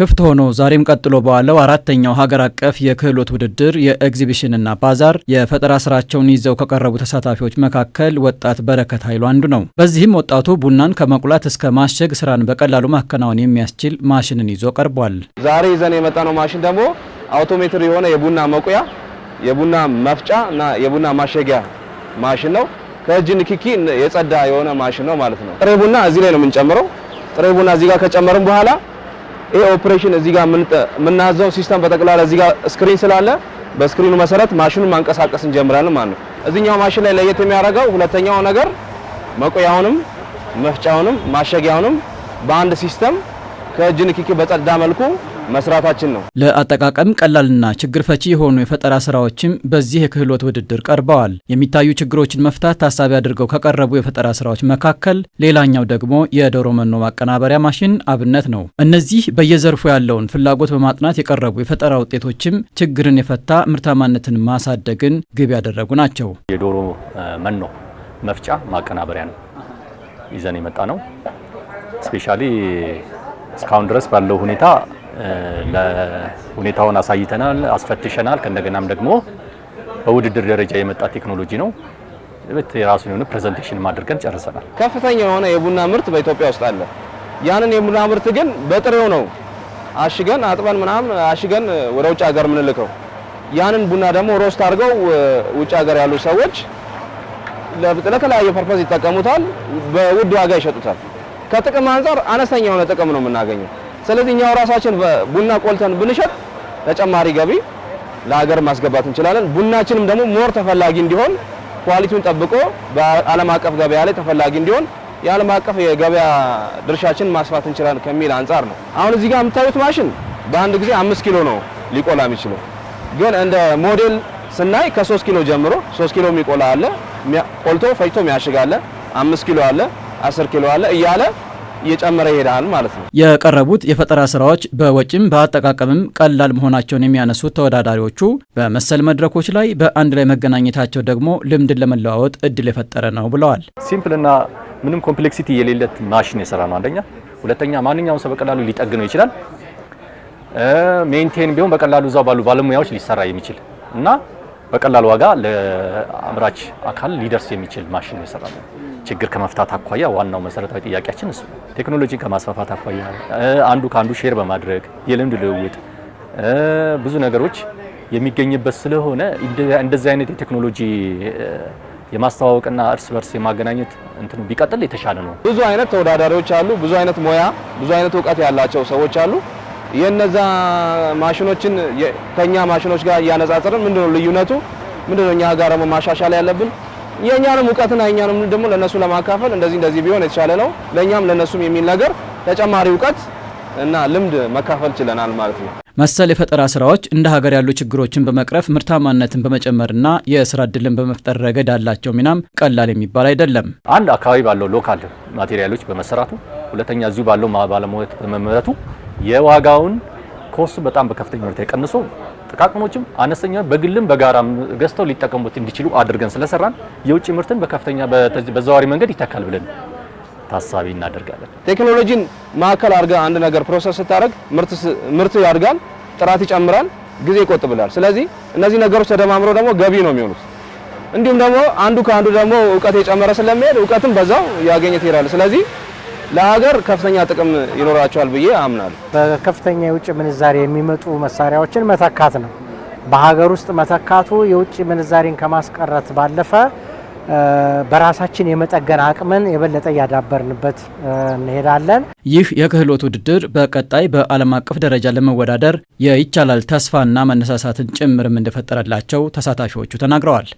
ክፍት ሆኖ ዛሬም ቀጥሎ በዋለው አራተኛው ሀገር አቀፍ የክህሎት ውድድር የኤግዚቢሽንና ባዛር የፈጠራ ስራቸውን ይዘው ከቀረቡ ተሳታፊዎች መካከል ወጣት በረከት ኃይሉ አንዱ ነው። በዚህም ወጣቱ ቡናን ከመቁላት እስከ ማሸግ ስራን በቀላሉ ማከናወን የሚያስችል ማሽንን ይዞ ቀርቧል። ዛሬ ይዘን የመጣነው ማሽን ደግሞ አውቶሜትር የሆነ የቡና መቁያ፣ የቡና መፍጫ እና የቡና ማሸጊያ ማሽን ነው። ከእጅ ንክኪ የጸዳ የሆነ ማሽን ነው ማለት ነው። ጥሬ ቡና እዚህ ላይ ነው የምንጨምረው። ጥሬ ቡና እዚህ ጋር ከጨመርን በኋላ ይሄ ኦፕሬሽን እዚህ ጋር የምናዘው ሲስተም በጠቅላላ እዚህ ጋር ስክሪን ስላለ በስክሪኑ መሰረት ማሽኑን ማንቀሳቀስ እንጀምራለን ማለት ነው። እዚህኛው ማሽን ላይ ለየት የሚያደርገው ሁለተኛው ነገር መቆያውንም መፍጫውንም ማሸጊያውንም በአንድ ሲስተም ከእጅ ንክኪ በጸዳ መልኩ መስራታችን ነው። ለአጠቃቀም ቀላልና ችግር ፈቺ የሆኑ የፈጠራ ስራዎችም በዚህ የክህሎት ውድድር ቀርበዋል። የሚታዩ ችግሮችን መፍታት ታሳቢ አድርገው ከቀረቡ የፈጠራ ስራዎች መካከል ሌላኛው ደግሞ የዶሮ መኖ ማቀናበሪያ ማሽን አብነት ነው። እነዚህ በየዘርፉ ያለውን ፍላጎት በማጥናት የቀረቡ የፈጠራ ውጤቶችም ችግርን የፈታ ምርታማነትን ማሳደግን ግብ ያደረጉ ናቸው። የዶሮ መኖ መፍጫ ማቀናበሪያ ነው ይዘን የመጣ ነው። ስፔሻሊ እስካሁን ድረስ ባለው ሁኔታ ሁኔታውን አሳይተናል፣ አስፈትሸናል። ከእንደገናም ደግሞ በውድድር ደረጃ የመጣ ቴክኖሎጂ ነው። የራሱን የሆነ ፕሬዘንቴሽን አድርገን ጨርሰናል። ከፍተኛ የሆነ የቡና ምርት በኢትዮጵያ ውስጥ አለ። ያንን የቡና ምርት ግን በጥሬው ነው አሽገን አጥበን ምናምን አሽገን ወደ ውጭ ሀገር የምንልከው። ያንን ቡና ደግሞ ሮስት አድርገው ውጭ ሀገር ያሉ ሰዎች ለተለያየ ፐርፐዝ ይጠቀሙታል፣ በውድ ዋጋ ይሸጡታል። ከጥቅም አንጻር አነስተኛ የሆነ ጥቅም ነው የምናገኘው። ስለዚህ እኛው ራሳችን ቡና ቆልተን ብንሸጥ ተጨማሪ ገቢ ለሀገር ማስገባት እንችላለን። ቡናችንም ደግሞ ሞር ተፈላጊ እንዲሆን ኳሊቲውን ጠብቆ በዓለም አቀፍ ገበያ ላይ ተፈላጊ እንዲሆን የዓለም አቀፍ የገበያ ድርሻችን ማስፋት እንችላለን ከሚል አንጻር ነው። አሁን እዚህ ጋር የምታዩት ማሽን በአንድ ጊዜ አምስት ኪሎ ነው ሊቆላ የሚችለው። ግን እንደ ሞዴል ስናይ ከሶስት ኪሎ ጀምሮ ሶስት ኪሎ የሚቆላ አለ፣ ቆልቶ ፈጭቶ የሚያሽግ አለ፣ አምስት ኪሎ አለ፣ አስር ኪሎ አለ እያለ እየጨመረ ይሄዳል ማለት ነው። የቀረቡት የፈጠራ ስራዎች በወጪም በአጠቃቀምም ቀላል መሆናቸውን የሚያነሱት ተወዳዳሪዎቹ በመሰል መድረኮች ላይ በአንድ ላይ መገናኘታቸው ደግሞ ልምድን ለመለዋወጥ እድል የፈጠረ ነው ብለዋል። ሲምፕልና ምንም ኮምፕሌክሲቲ የሌለት ማሽን የሰራ ነው አንደኛ። ሁለተኛ ማንኛውም ሰው በቀላሉ ሊጠግነው ይችላል። ሜንቴን ቢሆን በቀላሉ እዛው ባሉ ባለሙያዎች ሊሰራ የሚችል እና በቀላል ዋጋ ለአምራች አካል ሊደርስ የሚችል ማሽን ነው የሰራ ነው። ችግር ከመፍታት አኳያ ዋናው መሰረታዊ ጥያቄያችን እሱ ነው። ከማስፋፋት አኳያ አንዱ ከአንዱ ሼር በማድረግ የልምድ ልውውጥ ብዙ ነገሮች የሚገኝበት ስለሆነ እንደዚህ አይነት የቴክኖሎጂ የማስተዋወቅና እርስ በርስ የማገናኘት እንትኑ ቢቀጥል የተሻለ ነው። ብዙ አይነት ተወዳዳሪዎች አሉ። ብዙ አይነት ሙያ፣ ብዙ አይነት እውቀት ያላቸው ሰዎች አሉ። የነዛ ማሽኖችን ከኛ ማሽኖች ጋር እያነጻጸርን ምንድነው ልዩነቱ? ምንድነው እኛ ጋር ደግሞ ማሻሻል ያለብን? የኛንም እውቀትና የኛንም ደግሞ ለነሱ ለማካፈል እንደዚህ እንደዚህ ቢሆን የተሻለ ነው ለኛም ለነሱም የሚል ነገር ተጨማሪ እውቀት እና ልምድ መካፈል ችለናል ማለት ነው። መሰል የፈጠራ ስራዎች እንደ ሀገር ያሉ ችግሮችን በመቅረፍ ምርታማነትን በመጨመርና የስራ እድልን በመፍጠር ረገድ አላቸው ሚናም ቀላል የሚባል አይደለም። አንድ አካባቢ ባለው ሎካል ማቴሪያሎች በመሰራቱ፣ ሁለተኛ እዚሁ ባለው ባለሙያ በመመረቱ የዋጋውን ኮስቱ በጣም በከፍተኛ ሁኔታ ቀንሶ ጥቃቅኖችም አነስተኛ በግልም በጋራም ገዝተው ሊጠቀሙት እንዲችሉ አድርገን ስለሰራን የውጭ ምርትን በከፍተኛ በዘዋሪ መንገድ ይተካል ብለን ታሳቢ እናደርጋለን። ቴክኖሎጂን ማዕከል አድርጋ አንድ ነገር ፕሮሰስ ስታደርግ ምርት ያድጋል፣ ጥራት ይጨምራል፣ ጊዜ ይቆጥብላል። ስለዚህ እነዚህ ነገሮች ተደማምረው ደግሞ ገቢ ነው የሚሆኑት። እንዲሁም ደግሞ አንዱ ከአንዱ ደግሞ እውቀት የጨመረ ስለሚሄድ እውቀትም በዛው ያገኘት ትሄዳለህ። ስለዚህ ለሀገር ከፍተኛ ጥቅም ይኖራቸዋል ብዬ አምናለሁ። በከፍተኛ የውጭ ምንዛሬ የሚመጡ መሳሪያዎችን መተካት ነው። በሀገር ውስጥ መተካቱ የውጭ ምንዛሬን ከማስቀረት ባለፈ በራሳችን የመጠገን አቅምን የበለጠ እያዳበርንበት እንሄዳለን። ይህ የክህሎት ውድድር በቀጣይ በዓለም አቀፍ ደረጃ ለመወዳደር የይቻላል ተስፋና መነሳሳትን ጭምርም እንደፈጠረላቸው ተሳታፊዎቹ ተናግረዋል።